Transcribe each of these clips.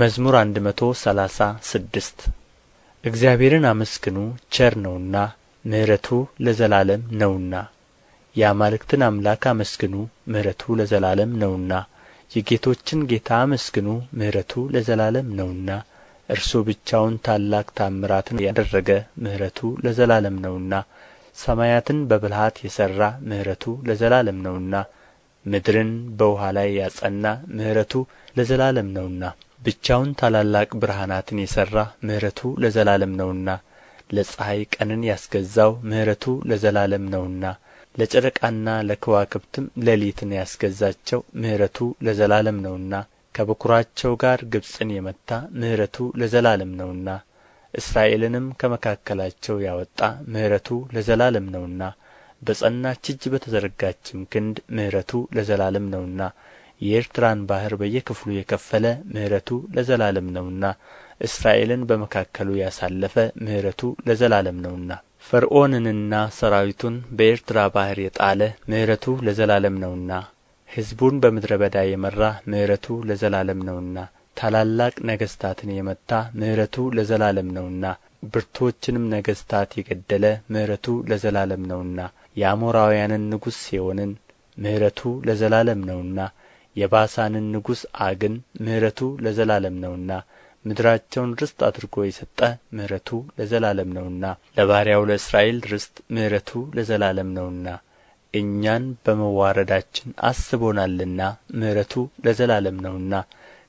መዝሙር አንድ መቶ ሰላሳ ስድስት እግዚአብሔርን አመስግኑ ቸር ነውና ምሕረቱ ለዘላለም ነውና። የአማልክትን አምላክ አመስግኑ ምሕረቱ ለዘላለም ነውና። የጌቶችን ጌታ አመስግኑ ምሕረቱ ለዘላለም ነውና። እርሱ ብቻውን ታላቅ ታምራትን ያደረገ ምሕረቱ ለዘላለም ነውና። ሰማያትን በብልሃት የሠራ ምሕረቱ ለዘላለም ነውና። ምድርን በውኃ ላይ ያጸና ምሕረቱ ለዘላለም ነውና። ብቻውን ታላላቅ ብርሃናትን የሠራ ምሕረቱ ለዘላለም ነውና ለፀሐይ ቀንን ያስገዛው ምሕረቱ ለዘላለም ነውና ለጨረቃና ለከዋክብትም ሌሊትን ያስገዛቸው ምሕረቱ ለዘላለም ነውና ከበኵራቸው ጋር ግብፅን የመታ ምሕረቱ ለዘላለም ነውና እስራኤልንም ከመካከላቸው ያወጣ ምሕረቱ ለዘላለም ነውና በጸናች እጅ በተዘረጋችም ክንድ ምሕረቱ ለዘላለም ነውና የኤርትራን ባሕር በየክፍሉ የከፈለ ምሕረቱ ለዘላለም ነውና እስራኤልን በመካከሉ ያሳለፈ ምሕረቱ ለዘላለም ነውና ፈርዖንንና ሰራዊቱን በኤርትራ ባሕር የጣለ ምሕረቱ ለዘላለም ነውና ሕዝቡን በምድረ በዳ የመራ ምሕረቱ ለዘላለም ነውና ታላላቅ ነገሥታትን የመታ ምሕረቱ ለዘላለም ነውና ብርቶችንም ነገሥታት የገደለ ምሕረቱ ለዘላለም ነውና የአሞራውያንን ንጉሥ ሴዎንን ምሕረቱ ለዘላለም ነውና የባሳንን ንጉሥ አግን ምሕረቱ ለዘላለም ነውና ምድራቸውን ርስት አድርጎ የሰጠ ምሕረቱ ለዘላለም ነውና ለባሪያው ለእስራኤል ርስት ምሕረቱ ለዘላለም ነውና እኛን በመዋረዳችን አስቦናልና ምሕረቱ ለዘላለም ነውና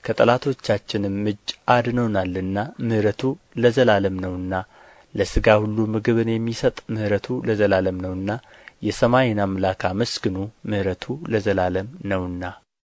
ከጠላቶቻችንም እጅ አድኖናልና ምሕረቱ ለዘላለም ነውና ለሥጋ ሁሉ ምግብን የሚሰጥ ምሕረቱ ለዘላለም ነውና የሰማይን አምላክ አመስግኑ ምሕረቱ ለዘላለም ነውና